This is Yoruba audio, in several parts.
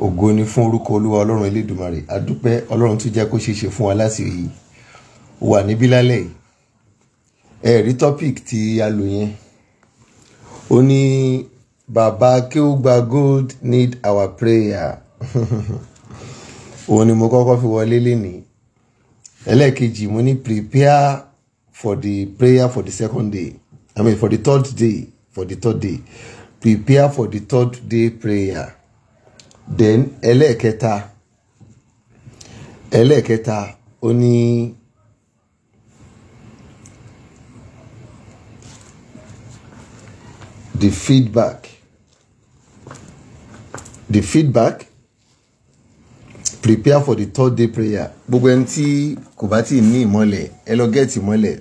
ògo ni fún orúkọ olúwa ọlọ́run elédùmarè adúpẹ́ ọlọ́run tó jẹ́ kó ṣeéṣe fún wa láti wà níbí lálẹ́ yìí ẹ topic tí a lò yẹn ó ní bàbá kí ó gba gold need our prayer òun ni mo kọ́kọ́ fi wọlé lénìí ẹlẹ́ẹ̀kejì mo ní prepare for the prayer for the second day i mean for the third day for the third day prepare for the third day prayer then ẹlẹ́ẹ̀kẹta ẹlẹ́ẹ̀kẹta ó ní the feedback the feedback prepare for the third day prayer gbogbo ẹni tí kò bá tí ì ní ìmọ̀lẹ̀ ẹ lọ gẹ́ẹ̀tì ìmọ̀lẹ̀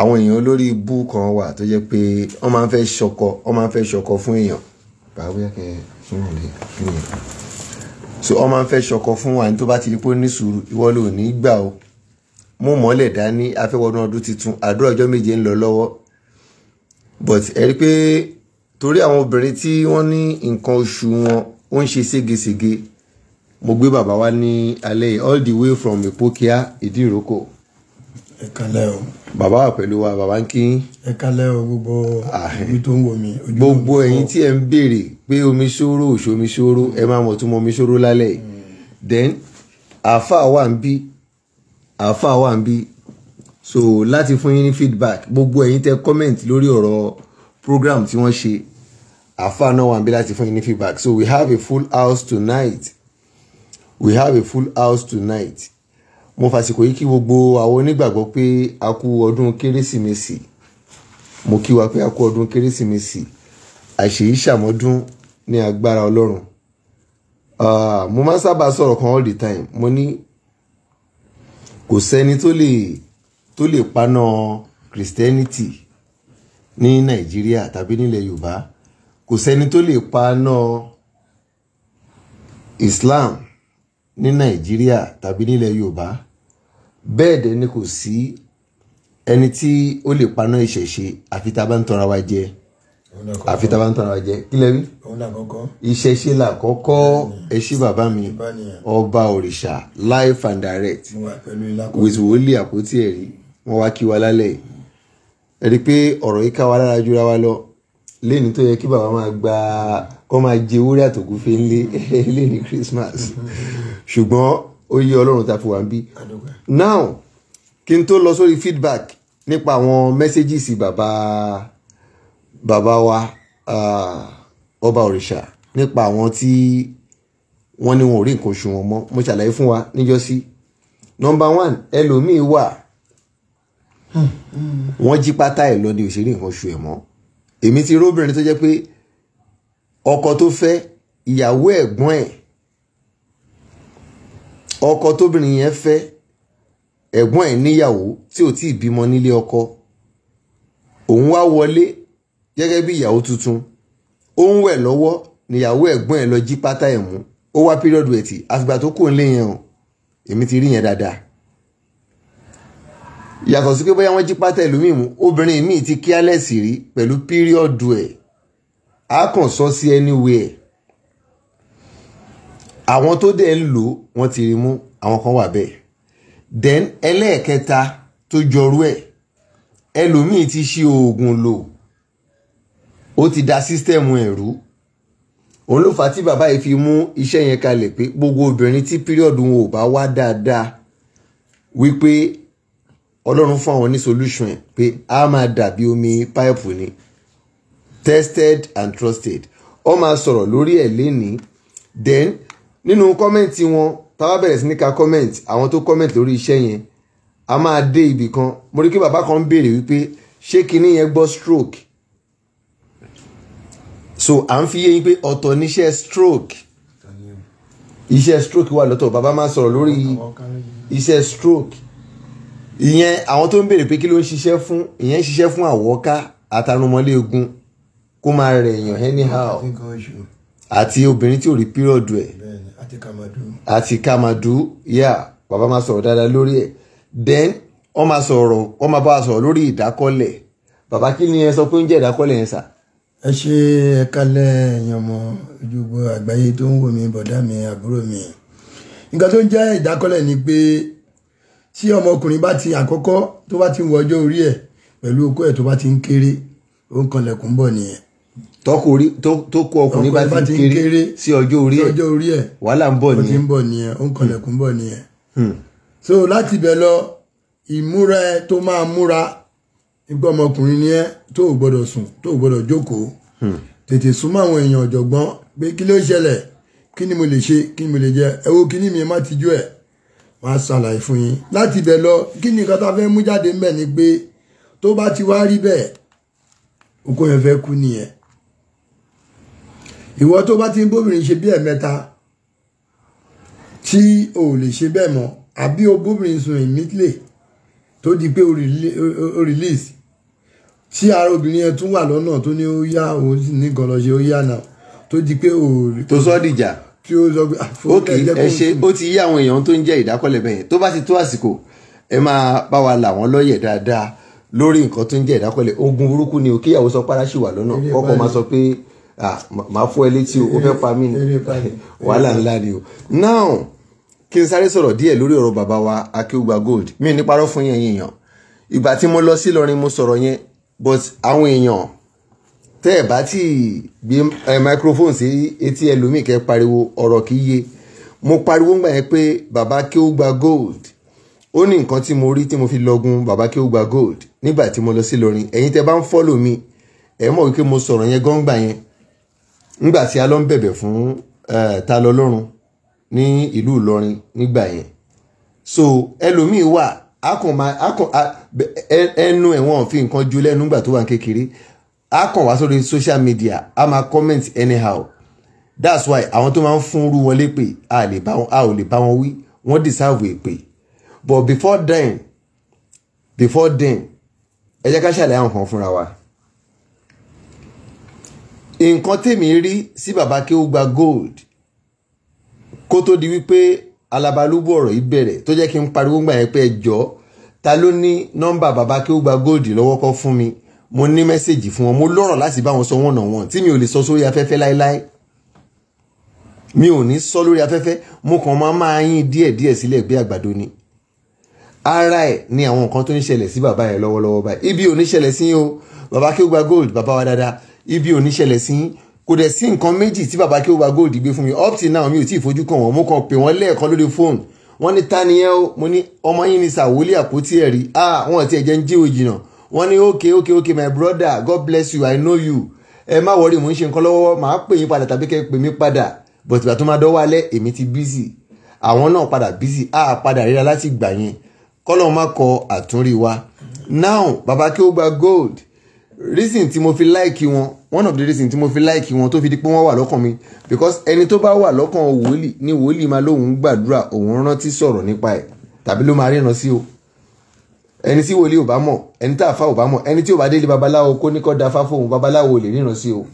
àwọn èèyàn olórí ibú kan wà tó jẹ́ pé wọ́n máa ń fẹ́ ṣọkọ wọ́n máa ń fẹ́ ṣọkọ fún èèyàn báwo yẹ kẹ́ ẹ so ọmọ ń fẹ́ ṣọkọ fún wa ní tó bá ti di pé ó ní sùúrù ìwọ ló ní gbà o mú mọ́lẹ̀ dání afẹ́wọ́nú ọdún tuntun àdúrà ọjọ́ méje ń lọ lọ́wọ́ but ẹ rí pé torí àwọn obìnrin tí wọ́n ní nǹkan oṣù wọn ó ń ṣe ségesège mo gbé bàbá wa ní alẹ́ all the way from Ìpókíà Ìdíròkò ẹ kalẹ o. bàbá wa pẹ̀lú wa bàbá ń kí. ẹ kalẹ o gbogbo omi tó ń wò mí. gbogbo ẹ̀yin tí ẹ ń béèrè pé omi ṣòro òṣomi ṣòro ẹ máa mọ̀ tún mọ omi ṣòro lálẹ́ hmm. then àáfà wà ń bí àáfà wà ń bí so láti fún yín ní feedback gbogbo ẹ̀yin tẹ comment lórí ọ̀rọ̀ program tí wọ́n ṣe àáfà náà wà ń bí láti fún yín ní feedback so we have a full house tonight we have a full house tonight mo fàsìkò yìí kí gbogbo àwọn onígbàgbọ́ pé a kú ọdún kérésìmesì mo kí wa pé a kú ọdún kérésìmesì àṣèyí ṣàmọ́dún ní agbára ọlọ́run mo máa ń sábà sọ̀rọ̀ kan all the time mo ní kò sẹ́ni tó lè paná christianity ní nàìjíríà tàbí nílẹ̀ yorùbá kò sẹ́ni tó lè paná islam ní nàìjíríà tàbí nílẹ̀ yorùbá bẹ́ẹ̀ dẹ̀ ni kò sí ẹni tí ó lè paná ìṣẹ̀ṣe àfi tá a bá ń tọ́ra wa jẹ àfi tá a bá ń tọ́ra wa jẹ kí lẹ wí. ìṣẹ̀ṣe là kọ́kọ́ ẹṣí bàbá mi ọba òrìṣà live and direct with wòlíì àpótí ẹ̀rí wọ́n wá kí wa lálẹ́ yìí ẹ̀rí pé ọ̀rọ̀ yìí ká wa lára jura wa lọ lẹ́ni tó yẹ kí bàbá máa gba wọ́n máa jẹ ewúrẹ́ àtòkú fẹ́ lé lé ní Christmas ṣùgbọ́n ó yẹ ọlọ́run ta fún wa bí. now kí n tó lọ sórí feedback nípa àwọn messages bàbá bàbá wa ọba òrìṣà nípa àwọn tí wọ́n ní wọn ò rí nǹkan oṣù wọn mọ́ mo ṣàlàyé fún wa níjọ́sí number one ẹlòmíì wà hmm, hmm. wọ́n jí pátá ẹ̀ lọ ní òṣèré nǹkan oṣù ẹ̀ mọ́ èmi ti róbìnrin tó jẹ́ pé ọkọ tó fẹ́ ìyàwó ẹ̀gbọ́n ẹ̀ ọkọ tóbìnrin yẹn fẹ́ ẹ̀gbọ́n ẹ̀ níyàwó tí ò tí ì bímọ nílé ọkọ òun wá wọlé gẹ́gẹ́ bí ìyàwó tuntun ó ń wẹ̀ lọ́wọ́ níyàwó ẹ̀gbọ́n ẹ̀ lọ jí pátá ẹ̀ mú ó wá píríọ̀dù ẹ̀tì àfìgbà tó kò ń lé yẹn o èmi ti rí yẹn dáadáa yàtọ̀ sí pé bóyá wọ́n jí pátá ẹlòmíì mú obìnrin míì ti kí sí rí pẹ̀lú píríọ̀dù ẹ̀ á kàn sọ sí anywhere àwọn tó dẹ̀ ń lò wọ́n ti rí mú àwọn kan wà bẹ́ẹ̀ then ẹlẹ́ẹ̀kẹta tó jọrú ẹ̀ ẹlòmíì ti ṣe oògùn lò ó ti da sísítẹ́ẹ̀mù ẹ̀ rú òun ló fà á tí bàbá yìí fi mú iṣẹ́ yẹn kalẹ̀ pé gbogbo obìnrin tí píríọ̀dù wọn ò bá wá dáadáa wípé ọlọ́run fún àwọn ní solution ẹ̀ pé a máa dàbí omi páìpù ni tested and trusted wọ́n máa sọ̀rọ̀ lórí ẹ̀ lénìí then nínú kọ́mẹ̀ntì wọn táwa bẹ̀rẹ̀ sí ní ka kọ́mẹ̀ntì àwọn tó kọ́mẹ̀ntì lórí iṣẹ́ yẹn a máa dé ibì kan mo rí kí bàbá kan béèrè wípé ṣé kinní yẹn gbọ́ stroke so à ń fi yé yín pé ọ̀tọ̀ níṣẹ́ stroke iṣẹ́ stroke wà lọ́tọ̀ bàbá máa sọ̀rọ̀ lórí iṣẹ́ stroke ìyẹn àwọn tó ń béèrè pé kí ló ń ṣiṣẹ́ fún ìyẹn ń ṣiṣẹ́ fún àwọ̀ká àtàrùnmọ́lé egun kó máa rẹ̀ èèyàn anyhow àti obìnrin tí ò rí pírọ̀dù ẹ̀ àti kàmàdù yà bàbá máa sọ̀rọ̀ dáadáa lórí ẹ̀ then wọ́n máa sọ̀rọ̀ wọ́n máa bá wa sọ̀rọ̀ lórí ìdákọ́lẹ̀ bàbá kí ni ẹ sọ pé ń jẹ́ ìdákọ́lẹ̀ yẹn sà. ẹ ṣe ẹ kálẹ̀ èèyàn mọ ojúgbọ àgbáyé tó ń wò mí bọ̀dá mi àbúrò mi nǹkan tó ń jẹ́ ìdákọ́lẹ̀ ni pé tí ọmọkùnrin bá ti àkọ́kọ́ tó bá ti wọ ọjọ́ orí ẹ̀ pẹ̀lú okó ẹ̀ tó bá ti ń kéré ó ń kanlẹ̀kùn bọ̀ nìyẹn tó kó ọkùnrin bá ti ń kéré sí ọjọ́ orí ẹ̀ wàhálà ń bọ̀ nìyẹn ń bọ̀ nìyẹn ó ń kọlẹ̀kùn ń bọ̀ nìyẹn. Hmm. so láti ibẹ̀ lọ ìmúra ẹ tó máa múra nípa ọmọkùnrin ni ẹ tó ò gbọdọ̀ sùn tó ò gbọdọ̀ jókòó hmm. tètè súnmọ́ àwọn èèyàn ọ̀jọ̀gbọ́n pé kí ló ṣẹlẹ̀ kí ni mo lè ṣe kí ni mo lè jẹ ẹ wo kí ni mi má ti jó ẹ wọn ṣàlàyé fún yín láti ibẹ̀ lọ kí ni nǹkan tá mú jáde ń bẹ̀ ni pé tó bá ti wá rí bẹ́ẹ̀ okó yẹn fẹ́ kú nìyẹn ìwọ tó bá ti ń bóbìnrin ṣe bí ẹ̀mẹ́ta tí o ò lè ṣe bẹ́ẹ̀ mọ́ àbí o bóbìnrin sùn immediately tó di pé o release tí ara obìnrin yẹn tún wà lọ́nà tó ní ó yá òun sì ní gan lọ ṣe ó yá náà tó di pé o. tó sọ dìjà tí ó sọ pé. Ah, ok ẹ ṣe ó ti yí àwọn èèyàn tó ń jẹ́ ìdákọ́lẹ̀ bẹ́ẹ̀ tó bá ti tó àsìkò ẹ máa bá wa là wọ́n lọ́yẹ̀ dáadáa lórí nǹkan tó ń jẹ́ ìdákọ́lẹ̀ ogun burúkú ni o Ah, màá fọ́ ẹ létí o ó fẹ́ pa mí ni wàhálà ńlá ni o now kí n sáré sọ̀rọ̀ díẹ̀ lórí ọ̀rọ̀ bàbá wa akéwùgbà gold mi ní parọ́ fún yẹn yìnyàn ìgbà tí mo lọ sí Ìlọrin mo sọ̀rọ̀ yẹn but àwọn èèyàn tẹ́ ẹ̀ bá ti gbé eh, microphone sí etí ẹlòmíì kẹ́ pariwo ọ̀rọ̀ kì í yé mo pariwo ńgbà yẹn pé bàbá akéwùgbà gold ó ní nǹkan tí mo rí tí mo fi lọ́gun bàbá akéwùgbà gold nígbà tí mo lọ sí Ìlọrin ẹ̀yin tẹ́ bá ń fọ́lò mi ẹ̀ mọ̀ wípé mo sọ̀rọ̀ yẹn gọ́ngbà yẹn ńgbà tí a lọ ń bẹ̀bẹ̀ fún ta lọ lọ́rùn ní ìlú Ìlọrin nígbà yẹn so ẹlòmíín wà a kàn máa a kàn ẹnu ẹ̀wọ̀n fi nǹkan ju lẹ́nu nígbà tó wà kékeré a kàn wá sórí social media a máa comment anyhow that's why àwọn tó máa ń fún rú wọn lépè a lè bá wọn a ò lè bá wọn wí wọ́n deserve èpè but before then before then ẹ jẹ́ ká ṣàlàyé àwọn kan fúnra wa nǹkan tèmi rí sí bàbá kí ó gba gold kó tó di wípé alabalúbú ọ̀rọ̀ yìí bẹ̀rẹ̀ tó jẹ́ kí n pariwo gbà yẹn pé ẹ jọ ta ló ní nọ́mbà bàbá kí ó gba gold lọ́wọ́ kọ́ fún mi mo ní mẹ́sẹ̀gì fún wọn mo lọ́rọ̀ láti bá wọn sọ wọ́n náà wọ́n tí mi ò lè sọ sórí afẹ́fẹ́ láéláé mi ò ní sọ lórí afẹ́fẹ́ mo kàn máa máa yín díẹ̀díẹ̀ sílẹ̀ gbé àgbàdo ni ara ẹ̀ ni àwọn nǹkan tó ń ṣẹlẹ̀ sí bàbá yẹn lọ́wọ́lọ́wọ́ báyìí ibi ò ní ṣẹlẹ̀ sí yín o bàbá kí ó gba gold bàbá wa dáadáa ibi ò ní ṣẹlẹ̀ sí kò dẹ̀ sí nǹkan méjì tí bàbá Akéwùgbà Gold gbé fún mi up till now mi ò tí ì fojú kàn wọ́n mo kàn pè wọ́n lẹ́ẹ̀kan lórí fóònù wọ́n ní taniẹ́ o mo ní ọmọ yín ni sàwólì àpótí ẹ̀rí ah wọ́n ti ẹ̀jẹ̀ ń jíwò jìnnà wọ́n ní okay okay okay my brother God bless you I know you ẹ má wọrí mò ń ṣe nǹkan lọ́wọ́ màá pè yín padà tàbí kẹ́ pè mí padà but ìgbà tó máa dọ́wọ́ alẹ́ èmi ti busy àwọn náà padà busy ah padà ríra láti gbà yẹn kọ́lọ́ má kọ àtúnrí wa now bàbá Akéwùgbà Gold reason tí mo fi like wọn one of the reason tí mo fi like wọn tó fi di pé wọ́n wà lọ́kàn mi because ẹni tó bá wà lọ́kàn wòlíì ni wòlíì máa lóun gbàdúrà òun rántí sọ̀rọ̀ nípa ẹ̀ tàbí ló máa ríran sí o ẹni tí wòlíì ò bá mọ̀ ẹni tá a fa ò bá mọ̀ ẹni tí ò bá délé babaláwo kó ní kó da fá fóun babaláwo ò lè ríran sí o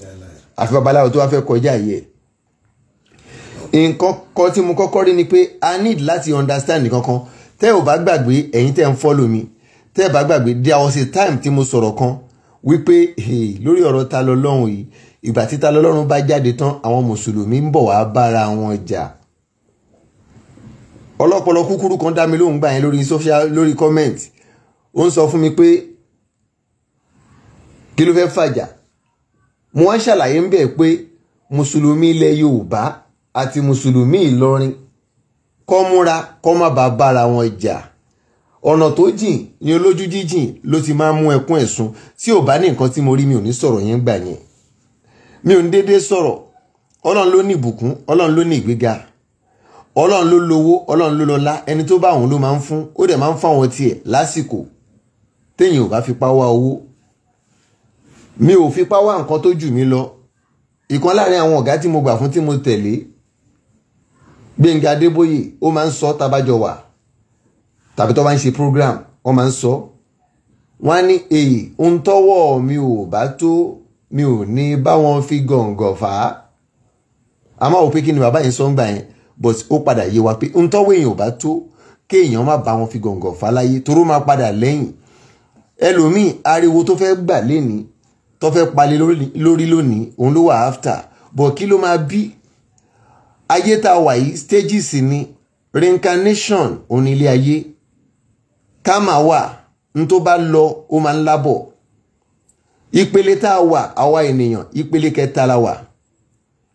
àfi babaláwo tó wá fẹ́ kọjá yẹ nǹkan kan tí mo kọ́kọ́ rí ni pé i need láti understand kankan tẹ́ ò bá gbàgbé ẹ̀yin tẹ́ ń follow mi tẹ́ ò bá gbàgbé there was a time tí mo sọ̀rọ̀ kan wípé lórí ọ̀rọ̀ ta lọ́lọ́run yìí ìgbà títa lọ́lọ́run bá jáde tán àwọn mùsùlùmí ń bọ̀ wá bára wọn jà ọlọ́pọlọ kúkúrú kan dá mi lóhùn gbà yẹn lórí social lórí comment ó ń sọ fún mi pé kí ló fẹ́ fàjà mo wá ṣàlàyé ń bẹ̀ pé mùsùlùmí ilẹ̀ Yorùbá àti mùsùlùmí Ìlọrin kọ́ múra kọ́ má bàa bára wọn jà. Ja ọ̀nà tó jìn ní olójú jíjìn ló ti máa ń mú ẹkún ẹ̀sùn tí ò bá ní nǹkan tí mo rí mi ò ní sọ̀rọ̀ yẹn gbà yẹn mi ò ní dédé sọ̀rọ̀ ọlọ́run ló ní ìbùkún ọlọ́run ló ní ìgbéga ọlọ́run ló lówó ọlọ́run ló lọ́lá ẹni tó bá òun ló máa ń fún ó dẹ̀ máa ń fáwọn tiẹ̀ lásìkò téèyàn ò bá fipá wá owó mi ò fipá wá nǹkan tó jù mí lọ ìkan láàrin àwọn ọ̀gá tí mo gbà fún tí mo tẹ̀lé Gbénga Adébóyè ó máa ń sọ tabajọ tàbí tó bá ń ṣe program wọ́n máa ń sọ wọ́n á ní èyí ohun tọ́wọ́ mi ò bá tó mi ò ní bá fi gọ̀ǹgọ̀ fà á àmọ́ ò pé kí ni bàbá yẹn sọ ń gbà yẹn but ó padà yé wa pé ohun tọ́wọ́ èèyàn ò bá tó kéèyàn má bá wọn fi gọ̀ǹgọ̀ fà á láyé toró máa padà lẹ́yìn ẹlòmíì ariwo tó fẹ́ gbà lénìí tó fẹ́ palẹ̀ lórí lónìí òun ló wà áfítà bọ̀ kí ló máa bí ayé tá a wà yìí stages ni reincarnation òun ilé ayé táàmà wà n tó bá lọ ó máa ń lábọ̀ ìpele tá a wà àwa ènìyàn ìpele kẹta la wà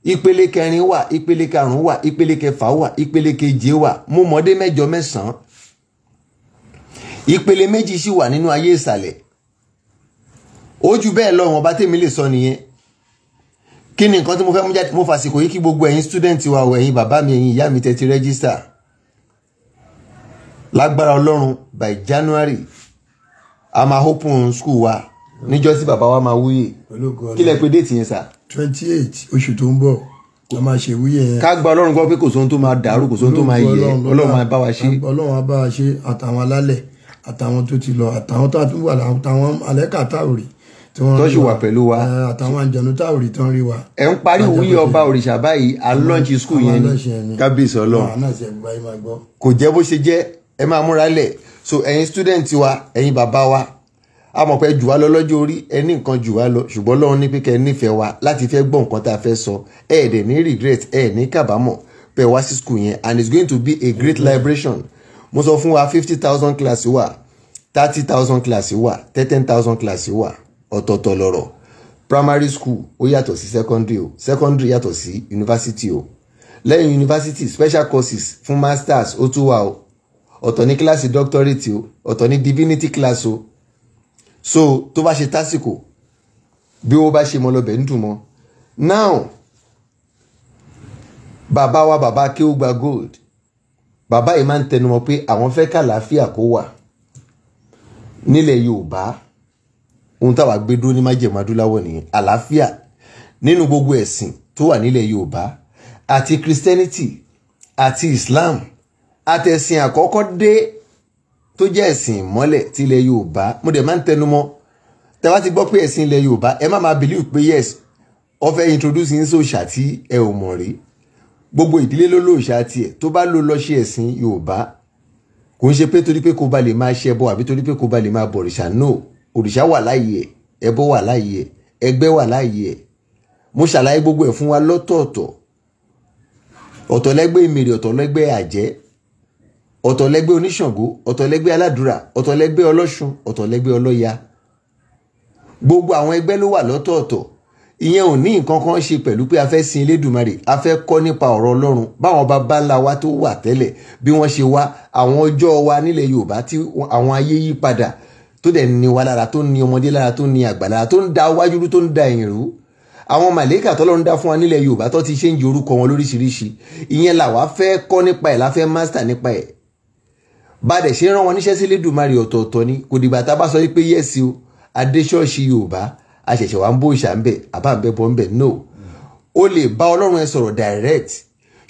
ìpele kẹrin wà ìpele karùn wà ìpele kẹfà wà ìpele keje wà mo mọ̀ọ́dé mẹ́jọ mẹ́sàn-án ìpele méjì sì wà nínú ayé ìsàlẹ̀ ojú bẹ́ẹ̀ lọ wọn bá tèmi lè sọ nìyẹn kí ni nǹkan tí mo fẹ́ mú jáde mo fàsìkò yìí kí gbogbo ẹ̀yin student wa ẹ̀yin bàbá mi ẹ̀yin ìyá mi tẹ́ ti rẹ́gísítà lágbára ọlọ́run by January a máa open school wa níjọ́ sí bàbá wa máa wúyè kí lẹ pé déètì yẹn sà. twenty eight oṣù tó ń bọ̀ la máa ṣe wúyè yẹn. ká gba ọlọ́run gbọ́ pé kò sóhun tó máa dàrú kò sóhun tó máa yẹ ọlọ́run máa bá wa ṣe. ọlọ́run á bá wa ṣe àtàwọn alálẹ̀ àtàwọn tó ti lọ àtàwọn tó àtúwà àtàwọn alẹ́kà táwòrì tí wọ́n tọ́jú wà pẹ̀lú wa àtàwọn àjànú táwòrì tán rí wa. ẹ ń parí wúyè ọba òrìṣà báyìí à lọ́ọ̀ṣì skul yẹn ni kábíyèsí ọlọ́run kò jẹ́ bó ṣe jẹ́ ẹ máa múra lẹ̀ so ẹ̀yin student wa ẹ̀yin bàbá wa a mọ̀ pé jù wá lọ lọ́jọ́ orí ẹ ní nǹkan jù wá lọ ṣùgbọ́n Ọlọ́run ní pé kẹ́ ẹ nífẹ̀ẹ́ wa láti fẹ́ gbọ́ nǹkan tá a fẹ́ sọ ẹ ẹ̀ dẹ̀ ní regret ẹ ẹ̀ ní kábàámọ̀ pé wá sí school yẹn and it's going to be a great liberation mo sọ fún wa fifty thousand class wà thirty thousand class wà thirteen thousand class wà ọ̀tọ̀ọ̀tọ̀ lọ̀rọ̀ primary school ó yàtọ̀ sí secondary o secondary yàtọ̀ sí university o lẹ́yìn university special courses fún masters ó tún wà o ọ̀tọ̀ ní kíláàsì doctorate o ọ̀tọ̀ ní divinity class o so tó bá ṣe tásìkò bí wọ́n bá ṣe mọ lọ́bẹ̀ ń dùn mọ́ now bàbá wa bàbá akéwù gba gold bàbá yìí máa ń tẹnumọ́ pé àwọn fẹ́ kàlàáfíà kó wà nílẹ̀ Yorùbá ohun táwa gbé dúró ní májèmọ́ adúláwọ̀ nìyẹn àlàáfíà nínú gbogbo ẹ̀sìn tó wà nílẹ̀ Yorùbá àti Christianity àti Islam àtẹ̀sìn àkọ́kọ́ dé tó jẹ́ ẹ̀sìn ìmọ́lẹ̀ ti ilẹ̀ Yorùbá mo dẹ̀ máa ń tẹnumọ́ tẹ́ bá ti gbọ́ pé ẹ̀sìn ilẹ̀ Yorùbá ẹ má máa believe pé yes ó fẹ́ introduce yín sóòṣà tí ẹ ò mọ̀ rí gbogbo ìdílé ló lóòṣà tiẹ̀ tó bá lò lọ ṣe ẹ̀sìn Yorùbá kò ń ṣe pé torí pé kò bá lè máa ṣẹbọ àbí torí pé kò bá lè máa bọ̀rìṣà no òrìṣà wà láàyè ẹ ẹbọ wà láàyè ẹ ẹgbẹ́ wà láàyè ẹ mo ṣàlàyé gbogbo ẹ̀ fún wa lọ́tọ̀ọ̀tọ̀ ọ̀tọ̀lẹ́gbẹ́ ìmèrè ọ̀tọ̀lẹ́gbẹ́ àjẹ́ ọ̀tọ̀lẹ́gbẹ́ oníṣàngó ọ̀tọ̀lẹ́gbẹ́ aládùúrà ọ̀tọ̀lẹ́gbẹ́ ọlọ́ṣun ọ̀tọ̀lẹ́gbẹ́ ọlọ́ya gbogbo àwọn ẹgbẹ́ ló wà lọ́tọ̀ọ̀tọ̀ ìyẹn ò ní nǹkan kan ṣe pẹ̀lú pé a fẹ́ sin elédùnmarè a fẹ́ kọ́ nípa ọ̀rọ̀ ọlọ́run báwọn bàbá ńlá wa tó wà tẹ́lẹ̀ bí wọ́n ṣe wá àwọn ọjọ́ wa nílẹ̀ yorùbá tí àwọn ayé yí padà tó dẹ̀ ní wa lára tó ní ọmọdé lára tó ní àgbà lára tó ń da wájúrú tó ń da ẹ̀yìn rú àwọn màlẹ́kà tọ́lọ́run dá fún wa nílẹ̀ yorùbá tó ti ṣe ń jẹ wọn lóríṣiríṣi ìyẹn làwa fẹ́ kọ́ nípa ẹ̀ la bá dẹ̀ ṣe rán wọn níṣẹ́ sí lédùmarè ọ̀tọ̀ọ̀tọ̀ ni kò dìgbà tá a bá sọ pé yẹ́sì o adéṣọ́ọ̀ṣì yorùbá a ṣẹ̀ṣẹ̀ ń bó ìṣà ń bẹ̀ àbá ń bẹ̀ bọ́ ń bẹ̀ no o lè bá ọlọ́run ẹ sọ̀rọ̀ direct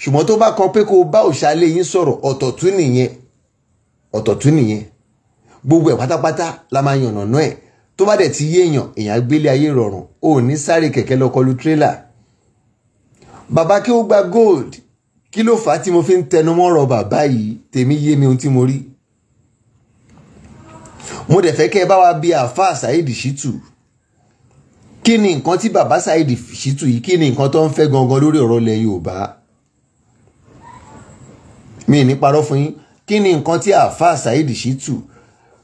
ṣùgbọ́n tó bá kan pé kó o bá òṣà lé yín sọ̀rọ̀ ọ̀tọ̀tún nìyẹn ọ̀tọ̀tún nìyẹn gbogbo ẹ̀ pátápátá la máa yànnà náà ẹ̀ tó bá dẹ̀ ti yéèyàn èèyàn gbélé ayé rọrùn o ò ní sáré kẹ̀kẹ́ lọ kọlù tírélà bàbá kí ó gba gold kí ló fà á tí mo fi ń tẹnumọ́ ọ̀rọ̀ bàbá yìí tèmi yé mi ohun tí mo rí mo dẹ̀ fẹ́ kẹ́ ẹ bá wa bí àáfàá Saheed Shittu kí ni nǹkan tí bàbá Saheed Shittu yìí kí ni nǹkan tó ń fẹ́ gangan lórí ọ̀rọ̀ ilẹ̀ Yorùbá mi ní parọ́ fún yín kí ni nǹkan tí àáfàá Saheed Shittu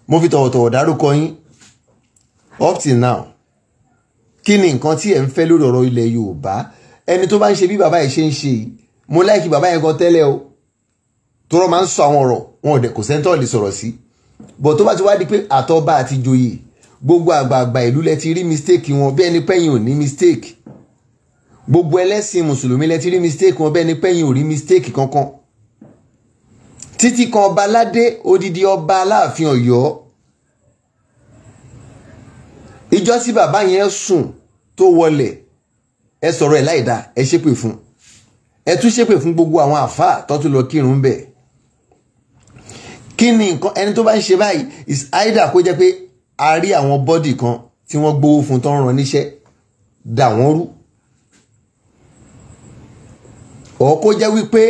mo fi tọ̀wọ̀tọ̀wọ̀ dárúkọ yín up till now kí ni nǹkan tí ẹ̀ ń fẹ́ lórí ọ̀rọ̀ ilẹ̀ Yorùbá ẹni tó bá ń ṣe bí bàbá ẹ̀ ṣe ń ṣe yìí mo láìkí bàbá yẹn gan tẹ́lẹ̀ o tọrọ máa ń sọ àwọn ọ̀rọ̀ wọn ò dẹ̀ kò sẹ́ńtọ̀ lè sọ̀rọ̀ sí bọ̀ tó bá ti wá di pé àtọ́ba àti joyè gbogbo àgbààgbà ìlú lẹ ti rí mistake wọn bẹ́ẹ̀ ni pẹ́yìn ò ní mistake gbogbo ẹlẹ́sìn mùsùlùmí lẹ ti rí mistake wọn bẹ́ẹ̀ ni pẹ́yìn ò rí mistake kankan títí kan ọba aládé odidi ọba aláàfin Ọ̀yọ́ ìjọ tí bàbá yẹn sùn tó wọlẹ̀ ẹ sọ̀rọ̀ ẹ̀ láìda ẹ ṣépè fún un ẹ tún ṣépè fún gbogbo àwọn àfáà tó tún lọ kírun bẹ́ẹ̀ kí ni nǹkan ẹni tó bá ń ṣe báyìí is either kó jẹ́ pé a rí àwọn bọ́dì kan tí wọ́n gbowó fún tó ń ran níṣẹ́ dà wọ́n rú or jẹ́ wípé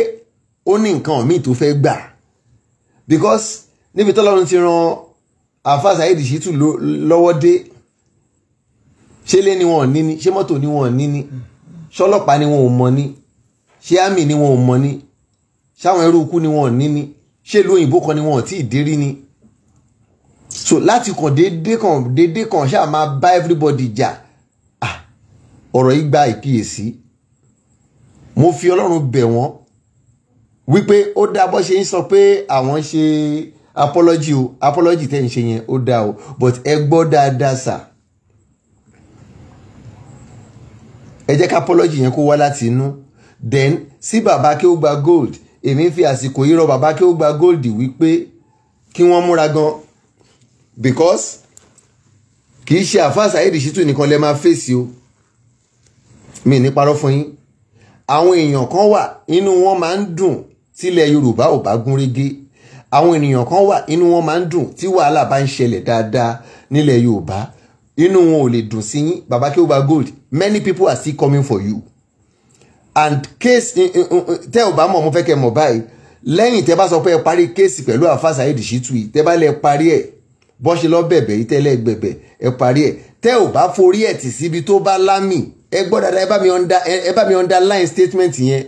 ó ní nǹkan míì tó fẹ́ gbà because níbi tọ́lọ́run ti ran àfáà Saheed Shittu lọ́wọ́ dé ṣé ni wọ́n ní ni ṣé ni wọ́n ní ni ṣọlọ́pàá ni wọ́n ò mọ̀ ni ṣé àmì ni wọn ò mọ ni ṣáwọn ẹrú ikú ni wọn ò ní ni ṣé ìlú òyìnbó kan ni wọn ò tí ì dérí ni so láti kàn déédéé kan déédéé kan ṣáà máa bá everybody jà ọ̀rọ̀ yìí gba ìkíyèsí mo fi ọlọ́run bẹ̀ wọ́n wípé ó dá bó ṣe ń sọ pé àwọn ṣe apology o apology tẹ́ ń ṣe yẹn ó dá o but ẹ gbọ́ dáadáa sà ẹ jẹ́ ká apology yẹn kó wá láti inú. No? then sí bàbá kí ó gba gold èmi fi àsìkò yìí rọ bàbá kí ó gba gold wípé kí wọ́n múra gan because kì í ṣe àfáà Saheed Shittu nìkan lè máa fèsì o mi ní parọ́ fún yín àwọn èèyàn kan wà inú wọn máa ń dùn tílẹ̀ Yorùbá ò bá gún régé àwọn ènìyàn kan wà inú wọn máa ń dùn tí wàhálà bá ń ṣẹlẹ̀ dáadáa nílẹ̀ Yorùbá inú wọn ò lè dùn sí yín bàbá kí ó gba gold many people are still coming for you and case eh, eh, eh, tẹ́ ò bá mọ̀ mo fẹ́ kẹ́ mọ̀ báyìí lẹ́yìn tẹ́ bá sọ pé ẹ parí kéèsì pẹ̀lú àfáà Saheed Shittu yìí tẹ́ bá lẹ parí ẹ̀ bọ́ ṣe lọ bẹ̀bẹ̀ yìí tẹ́lẹ̀ gbẹ̀bẹ̀ ẹ parí ẹ̀ tẹ́ ò bá forí ẹ̀ tì síbi tó bá lámì ẹ gbọ́ dada ẹ bá mi under ẹ bá mi underline statement yẹn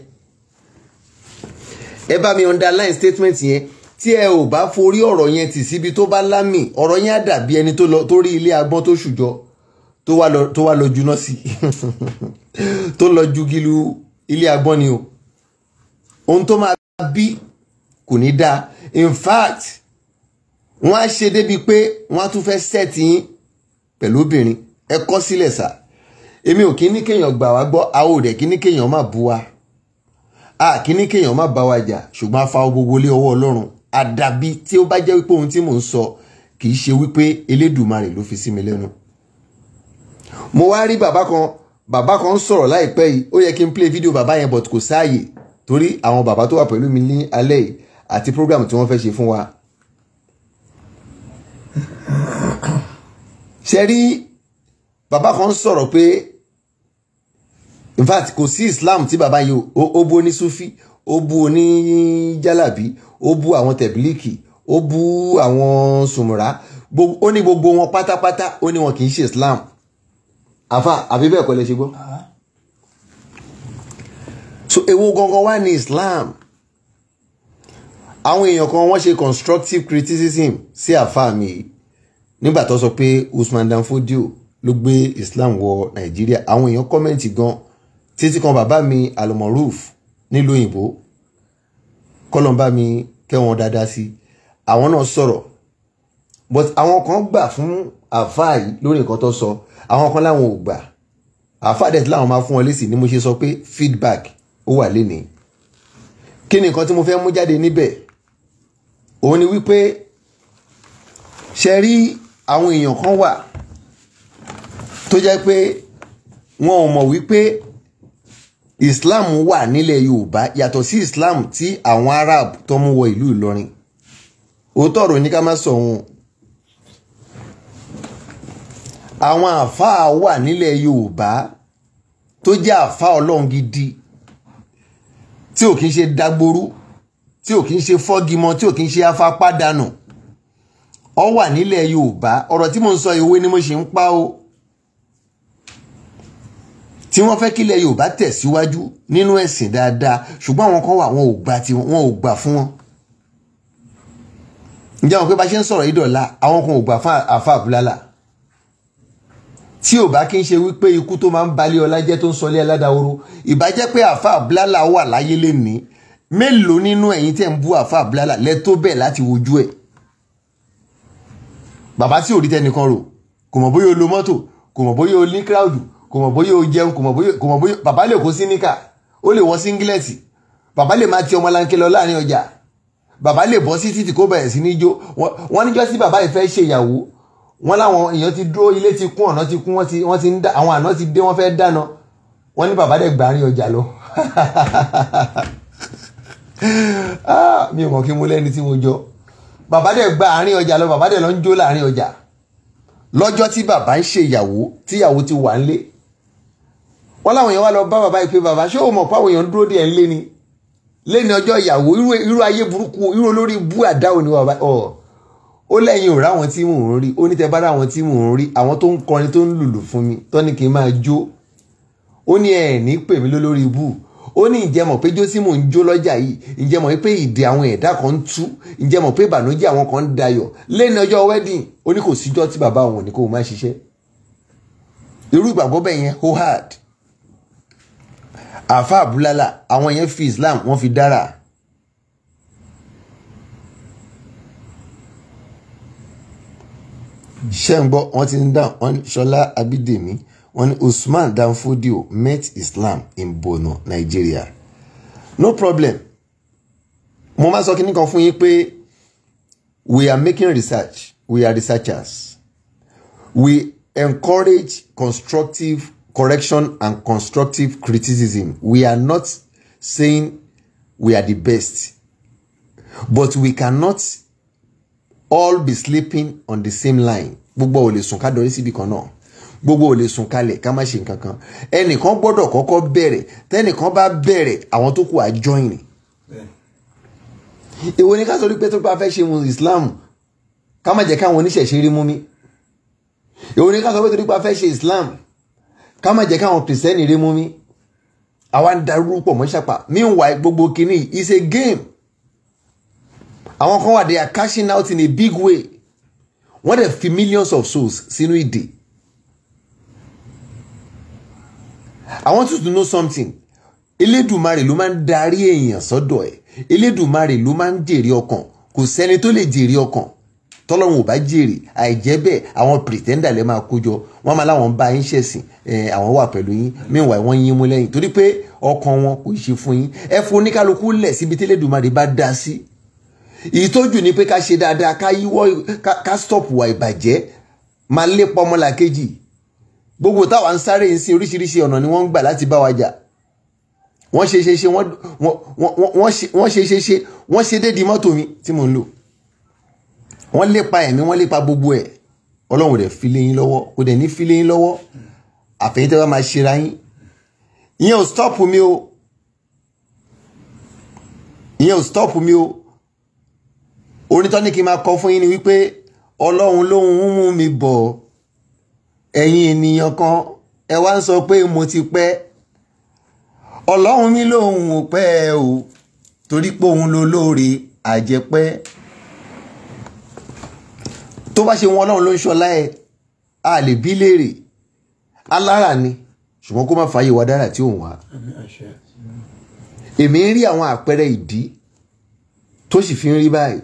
ẹ bá mi underline statement yẹn tí ẹ ò bá forí ọ̀rọ̀ yẹn tì síbi tó bá lámì ọ̀rọ̀ yẹn á dàbí ẹni tó rí ilé agbọ́n tó ṣùjọ tó wá lọ juná sí tó lọ ju gílù ilé agbọ́n ni o ohun tó máa bí kò ní dáa in fact wọ́n á ṣe débi pé wọ́n á tún fẹ́ sẹ́ẹ̀tì yín pẹ̀lú obìnrin ẹ kọ́ sílẹ̀ sà èmi ò kí ní kéèyàn gbà wá gbọ́ a ò dẹ̀ kí ní kéèyàn má bu wa a kí ní kéèyàn má bá wa jà ṣùgbọ́n a fa gbogbo lé ọwọ́ ọlọ́run àdàbí tí ó bá jẹ́ wípé ohun tí mò ń sọ kì í ṣe wípé elédùmarè ló fi sí mi lẹ́nu mo wá rí bàbá kan bàbá kan ń sọ̀rọ̀ láìpẹ́ yìí ó yẹ kí n play fídíò bàbá yẹn but kò sáàyè torí àwọn bàbá tó wà pẹ̀lú mi ní alẹ́ yìí àti program tí wọ́n fẹ́ ṣe fún wa. ṣe rí bàbá kan sọ̀rọ̀ pé in kò sí Islam tí bàbá yìí ó bú ní Sufi ó bú ní jálàbí ó bú àwọn tẹ̀bílíkì ó bú àwọn sùmùrà ó ní gbogbo wọn pátápátá ó ní wọn kì í ṣe Islam àfa àbí bẹ́ẹ̀ kọ́ lẹ ṣe gbọ́. so èwo gangan wà ní Islam àwọn èèyàn kan wọ́n ṣe constructive criticism sí àfa mi nígbà tó sọ pé Usman Dan Fodio ló gbé Islam wọ Nàìjíríà àwọn èèyàn kọ́mẹ́ǹtì gan títí kan bàbá mi alomoruf, nílùú òyìnbó kọ́lọ́n bá mi kẹ́wọn dáadáa sí àwọn náà sọ̀rọ̀ but àwọn kan gbà fún àfáà yìí lórí nǹkan tó sọ àwọn kan láwọn ò gbà àfáà dẹ̀ tí làwọn máa fún ọ lésì ni mo ṣe sọ pé feedback ó wà lénìí kí ni nǹkan tí mo fẹ́ mú jáde níbẹ̀ òun ni wípé ṣe rí àwọn èèyàn kan wà tó jẹ́ pé wọn ò mọ̀ wípé Islam wà nílẹ̀ Yorùbá yàtọ̀ sí Islam tí àwọn Arab tó mú wọ ìlú Ìlọrin òótọ́ ọ̀rọ̀ ká má sọ òun àwọn àáfàá wà nílẹ̀ Yorùbá tó jẹ́ àáfàá ọlọ́run gidi tí ò kí ń ṣe dagboru tí ò kí ń ṣe fọ́gimọ tí ò kí ń ṣe afapádànù ọ wà nílẹ̀ Yorùbá ọ̀rọ̀ tí mo ń sọ ìwé ni mo ṣe ń pa o tí wọ́n fẹ́ kílẹ̀ Yorùbá tẹ̀síwájú nínú ẹ̀sìn dáadáa ṣùgbọ́n àwọn kan wà wọn ò gbà tí wọn ò gbà fún wọn ǹjẹ́ àwọn pé bá ṣe ń sọ̀rọ̀ yìí àwọn kan ò gbà fún àfa àbúlálà tí ò bá kí n ṣe wípé ikú tó máa ń balẹ̀ ọlá jẹ́ tó ń sọlé aládàáwòrò ìbàjẹ́ pé àfa àbúlálà wà láyé lénìí mélòó nínú ẹ̀yin tẹ̀ ń bú àfa àbúlálà lẹ tó bẹ́ẹ̀ láti wojú ẹ̀ bàbá tí ò rí tẹnìkan rò kò mọ̀ bóyá o lo mọ́tò kò mọ̀ bóyá o ní kíláàdù kò mọ̀ bóyá o jẹun kò mọ̀ bóyá bàbá lè kó síníkà ó lè wọ síngílẹ̀tì bàbá lè máa ti ọmọ láńkẹ́ lọ láàrin ọjà bàbá lè bọ́ sí títì kó bẹ̀rẹ̀ sí níjó wọ́n níjọ́ sí bàbá yìí ṣèyàwó wọ́n láwọn èèyàn ti dúró ilé ti kún ọ̀nà ti kún wọ́n ti wọ́n ti ń dá àwọn àná ti dé wọ́n fẹ́ dáná wọ́n ní bàbá dẹ̀ gbàárín ọjà lọ. Ah, mi ò mọ̀ kí mo lẹ́ni tí mo jọ bàbá dẹ̀ gbàárín ọjà lọ bàbá dẹ̀ lọ ń jó láàrin ọjà lọ́jọ́ tí bàbá ń ṣe ìyàwó tí ìyàwó ti wà ńlé wọ́n láwọn èèyàn wá lọ bá bàbá yìí pé bàbá ṣé o mọ̀ páwọn èèyàn dúró díẹ̀ ńlé ni lẹ́ni ọjọ́ ìyàwó ó lẹ́yìn ò ráwọn tí mò ń rí ó ní tẹ bá ráwọn tí mò ń rí àwọn tó ń kọrin tó ń lùlù fún mi tó ní kí n máa jó ó ní ẹ̀ pè mí lólórí ibù ó ní ǹjẹ́ pé jó ń jó lọ́jà yìí ǹjẹ́ pé ìdè àwọn ẹ̀dá kan ń tú ǹjẹ́ pé ìbànújẹ́ àwọn kan ń dayọ̀ lẹ́nu ọjọ́ wedding ó ní kò síjọ́ tí bàbá òun ní kó o má ṣiṣẹ́ irú ìgbàgbọ́ bẹ́ẹ̀ yẹn ho hard àfa àbúlálà àwọn yẹn fi Islam wọ́n fi dára ṣẹ́ǹgbọ́ wọ́n ti ń dá wọ́n ní ṣọlá abídèmí wọ́n ní usman danfodio met islam in borno nigeria no problem mo máa sọ kí nìkan fún yín pé we are making research we are researchers we encourage constructive correction and constructive criticism we are not saying we are the best but we cannot all be sleeping on the same line gbogbo ò lè sùn ká dọrí síbi kan náà gbogbo ò lè sùn kalẹ̀ ká má ṣe nǹkan kan ẹnìkan gbọ́dọ̀ kọ́kọ́ bẹ̀rẹ̀ tẹ́nìkan bá bẹ̀rẹ̀ àwọn tó kù á join ni. èwo ni ká sọ pé tó bá fẹ́ ṣe mu Islam ká má jẹ́ káwọn oníṣẹ̀ṣe rí mú mi èwo ni ká sọ pé tó bá fẹ́ ṣe Islam ká má jẹ́ káwọn kìrìsìtẹ́nì rí mú mi àwa ń darúgbó pọ̀ meanwhile gbogbo kìíní is a game àwọn kan wà they are cashing out in a big way wọ́n dẹ̀ fi millions of souls sínú ìdè I want you to know something Elédùmarè ló máa ń darí èèyàn sọ́dọ̀ ẹ̀ Elédùmarè ló máa ń jèrè ọkàn kò sẹ́ni tó lè jèrè ọkàn tọ́lọ́run ò bá jèrè àìjẹ́ bẹ́ẹ̀ àwọn pìrìtẹ́ndà lẹ́ máa kó jọ wọ́n máa láwọn bá yín ṣẹ̀sìn àwọn wà pẹ̀lú yín meanwhile wọ́n yín mú lẹ́yìn torí pé ọkàn wọn kò ṣe fún yín ẹ fún oníkálukú lẹ̀ síbi tẹ́lẹ̀dùmarè bá dá sí. Si ìtọ́jú ni pé ká ṣe dáadáa ká yíwọ́ ká stop wà ìbàjẹ́ máa lépa ọmọlàkejì gbogbo táwa ń sáré ń sin oríṣiríṣi ọ̀nà ni wọ́n ń gbà láti bá wa jà wọ́n ṣe ṣe ṣe wọ́n ṣe ṣe ṣe wọ́n ṣe dédi mọ́tò mi tí mò ń lò wọ́n lépa ẹ̀mí wọ́n lépa gbogbo ẹ̀ ọlọ́run rẹ̀ fi léyìn lọ́wọ́ kò dẹ̀ ní fi léyìn lọ́wọ́ àfẹ̀yìntẹ́ bá máa ṣera yín ìyẹn ò stop mi o ìyẹn ò stop mi o onítọ́ kí n máa kọ fún yín ni wípé ọlọ́run lóhun ń mú mi bọ̀ ẹ̀yin ènìyàn kan ẹ wá ń sọ pé mo ti pẹ́ ọlọ́run mi lóhun ò pẹ́ ẹ o torí pé òun ló lóore àjẹpẹ́ tó bá ṣe wọn ọlọ́run ló ń ṣọlá ẹ a lè bí léèrè alára ni ṣùgbọ́n kó má fààyè wá dára tí òun wá èmi ń rí àwọn àpẹẹrẹ ìdí tó sì fi ń rí báyìí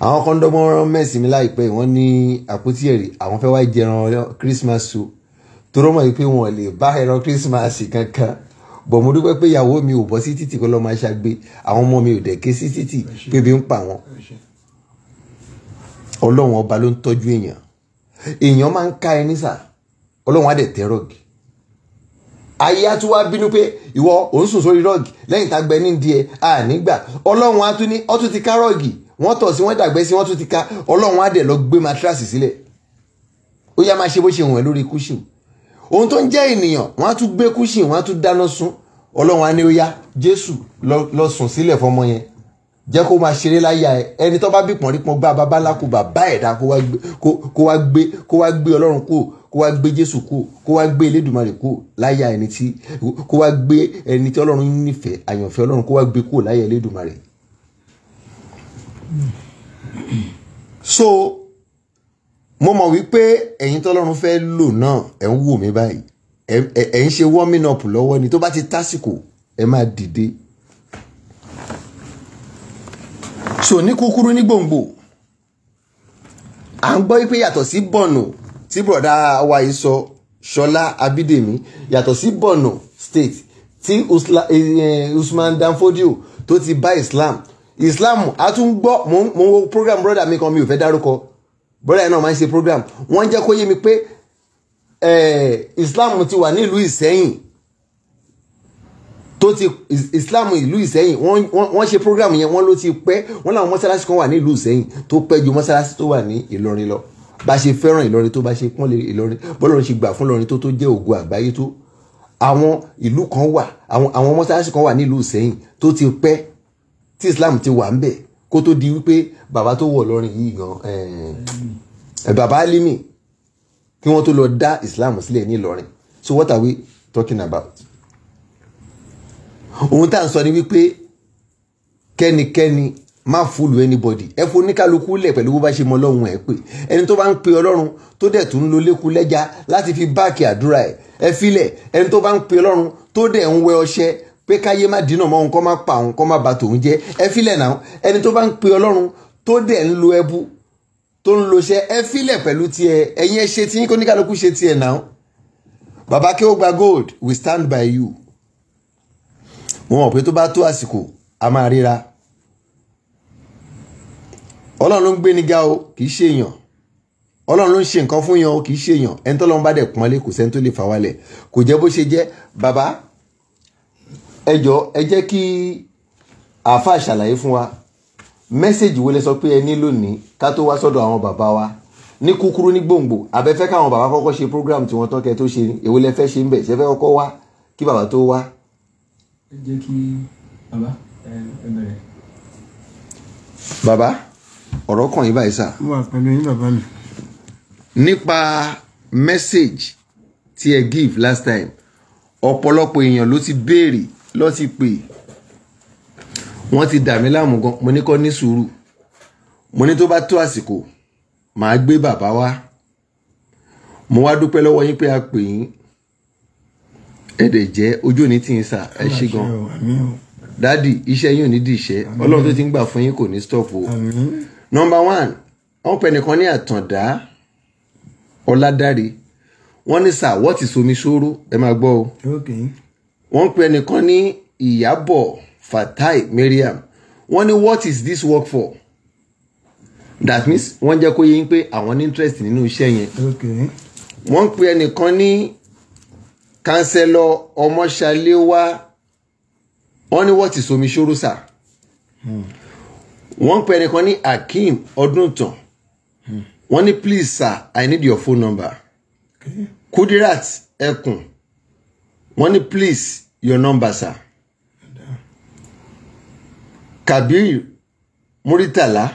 àwọn kan dọ́gbọ́n rán mi láìpẹ́ wọ́n ní àpótí ẹ̀rí àwọn fẹ́ wá jẹran Christmas o torọ́ mọ̀ pé wọ́n lè bá ẹran Christmas kankan bọ̀ mo dúpẹ́ pé ìyàwó mi ò bọ́ sí títì kó lọ́ọ́ máa ṣàgbé àwọn ọmọ mi ò dẹ̀ ké sí títì pé bí ń pa wọn. ọlọ́run ọba ló ń tọ́jú èèyàn èèyàn máa ń ká ẹni sà ọlọ́run á dẹ̀ tẹ́ rọ̀gì. ayé á bínú pé ìwọ òun sùn sórí rọ̀gì lẹ́yìn tá a gbẹ ní díẹ̀ à nígbà ọlọ́run á tún ti ká rọ̀gì wọ́n tọ̀ sí wọ́n dàgbẹ́ sí wọ́n tún ti ka ọlọ́run á dẹ̀ lọ gbé matrasi sílẹ̀ ó yá máa ṣe bó ṣe wọ̀n lórí kúṣìn ohun tó ń jẹ́ ènìyàn wọ́n á tún gbé kúṣìn wọ́n á tún dáná sun ọlọ́run á ní ó yá jésù lọ sùn sílẹ̀ fọmọ yẹn jẹ́ kó máa ṣeré láyà ẹ ẹni tó bá bí pọ̀nrípọ̀n gbá babalá kó bàbá ẹ̀dá kó wá gbé kó wá gbé ọlọ́run kó kó wá gbé jésù kó kó wá gbé elédùnmarè kó láyà ẹni tí kó wá gbé ẹni tí ọlọ́run nífẹ̀ẹ́ àyànfẹ́ ọlọ́run kó wá gbé kó láyà elédùnmarè so mo mọ̀ wípé ẹ̀yin tọ́lọ́run fẹ́ lò náà ẹ̀ ń wò mí báyìí ẹ̀ ń ṣe warming up lọ́wọ́ ni tó bá ti tásìkò ẹ máa dìde so ní kúkúrú ní gbòǹgbò à ń gbọ́ wípé yàtọ̀ sí bọ̀nù tí bọ̀dá wa yìí sọ ṣọlá abídèmí yàtọ̀ sí bọ̀nù state tí eh, usman danfodio tó ti bá islam islam a tún gbọ́ mo ń wo program broda mi kan mi ò fẹ́ dárúkọ broda yẹn náà máa ń ṣe program wọ́n jẹ́ kó yé mi pé islam ti wà nílùú ìsẹ́yìn tó ti islam ìlú ìsẹ́yìn wọ́n ṣe program yẹn wọ́n ló ti pẹ́ wọ́n làwọn mọ́sálásí kan wà nílùú ìsẹ́yìn tó pẹ́ ju mọ́sálásí tó wà ní ìlọrin lọ bá ṣe fẹ́ràn ìlọrin tó bá ṣe pọ́nlé ìlọrin bọ́lọ́run ṣe gbà fún ìlọrin tó tó jẹ́ ògo àgbáyé tó àwọn ìlú kan wà àwọn mọ́sálásí kan wà nílùú ìsẹ́yìn tó ti pẹ́ tí Islam ti wà ń bẹ̀ kó tó di wípé bàbá tó wọ̀ lọ́rin yìí gan eh, eh, bàbá alimi kí wọ́n tó lọ dá Islam sílẹ̀ ní Ìlọrin so what are we talking about? ohun tá à ń sọ ni wípé kẹ́nikẹ́ni má fúlù anybody ẹ fún oníkálukú lẹ̀ pẹ̀lú bó bá ṣe mọ ọlọ́run ẹ̀ pé ẹni tó bá ń pe ọlọ́run tó dẹ̀ tún ń lo lékun lẹ́ja láti fi báàkì àdúrà ẹ̀ ẹ filẹ̀ ẹni tó bá ń pe ọlọ́run tó dẹ̀ ń wẹ ọṣẹ pé káyé má dínà mọ́ òun kọ́ má pa òun kọ́ má ba tòun jẹ́ ẹ filẹ̀ náà ẹni tó bá ń pe ọlọ́run tó dẹ̀ ń lo ẹbu tó ń lo iṣẹ́ ẹ filẹ̀ pẹ̀lú tiẹ̀ ẹ̀yin ẹ ṣe tí yín kó níkàlùkù ṣe tiẹ̀ náà bàbá kí ó gba gold we stand by you wọn ò pé tó bá tó àsìkò a máa ríra ọlọ́run ló ń gbé ni ga o kì í ṣe èèyàn ọlọ́run ló ń ṣe nǹkan fún yan o kì í ṣe èèyàn ẹni tó bá dẹ̀ pọ́nlé kò sẹ́ni tó lè fà wálẹ̀ kò jẹ́ bó ṣe jẹ́ bàbá ẹ jọ ẹ jẹ́ kí àáfàá ṣàlàyé fún wa mẹ́sẹ̀gì wo lẹ sọ pé ẹ ní lónìí ká tó wá sọ́dọ̀ àwọn bàbá wa ní kúkúrú ní gbòǹgbò àbẹ̀fẹ́ káwọn bàbá kọ́kọ́ ṣe program tí wọ́n tán kẹ́ tó ṣe èwo lẹ fẹ́ ṣe ń bẹ̀ ṣẹ́fẹ́ kọ́kọ́ wá kí bàbá tó wá. ẹ jẹ́ kí bàbá ẹ bẹ̀rẹ̀. bàbá ọ̀rọ̀ kàn yín báyìí sà. mo wà pẹ̀lú yín bàbá mi. nípa message tí ẹ give last time ọ̀pọ̀lọpọ̀ èèyàn ló ti béèrè lọ sí pé wọ́n ti dà mí láàmú gan mo ní kó ní sùúrù mo ní tó bá tó àsìkò màá gbé bàbá wá mo wá dúpẹ́ lọ́wọ́ yín pé a pè yín ẹ̀dẹ̀ jẹ́ ojú òní tí ń sà ẹ ṣé gan dádì iṣẹ́ yín ò ní dìṣẹ́ ọlọ́run tó ti ń gbà fún yín kò ní stop o number one wọ́n pẹ̀ nìkan ní àtàndá ọ̀làdáre wọ́n ní sà wọ́ọ̀tì somi ṣòro ẹ máa gbọ́ o wọ́n ń pe ẹnìkan ní Ìyábọ̀ Fatai Mariam wọ́n ní what is this work for that means wọ́n jẹ́ kó yé yín pé àwọn ní interest nínú iṣẹ́ yẹn wọ́n ń pe ẹnìkan ní kánsẹ́lọ̀ Ọmọṣaléwá wọ́n ní what is omi ṣòro sà hmm. wọ́n ń pe ẹnìkan ní Akeem Ọdúntàn hmm. wọ́n ní please sir I need your phone number Kudirat Ẹkùn wọ́n ní please your number sir Kabir Muritala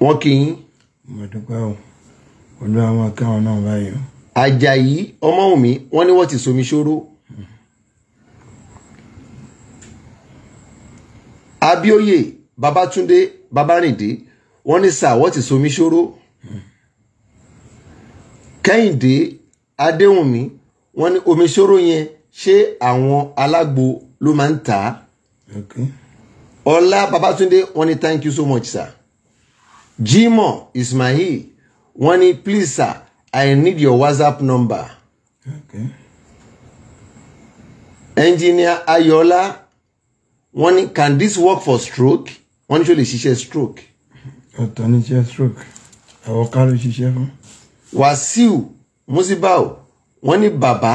wọ́n kì í. mo dúpẹ́ o olú àwọn akẹ́wọ̀n náà báyìí o. Àjàyí Ọmọwùmí wọ́n ní wọ́n ti somi ṣòro. Abíóyè Babátúndé Babárìndé wọ́n ní sà wọ́n ti somi ṣòro. Kẹ́hìndé adéwùnmí wọ́n ní omi ṣòro yẹn ṣé àwọn alágbo ló máa ń tà ọlá babátúndé wọ́n ní thank you so much sir. Jimo ismail wọ́n ní please sir i need your whatsapp number. Okay. engineer ayọ̀ọ́lá wọ́n ní can this work for stroke wọ́n ní ṣó lè ṣiṣẹ́ stroke. ọ̀tọ̀ ni ṣe stroke àwọn ká ló ṣiṣẹ́ fún. wàsíù Musibau wọ́n ní bàbá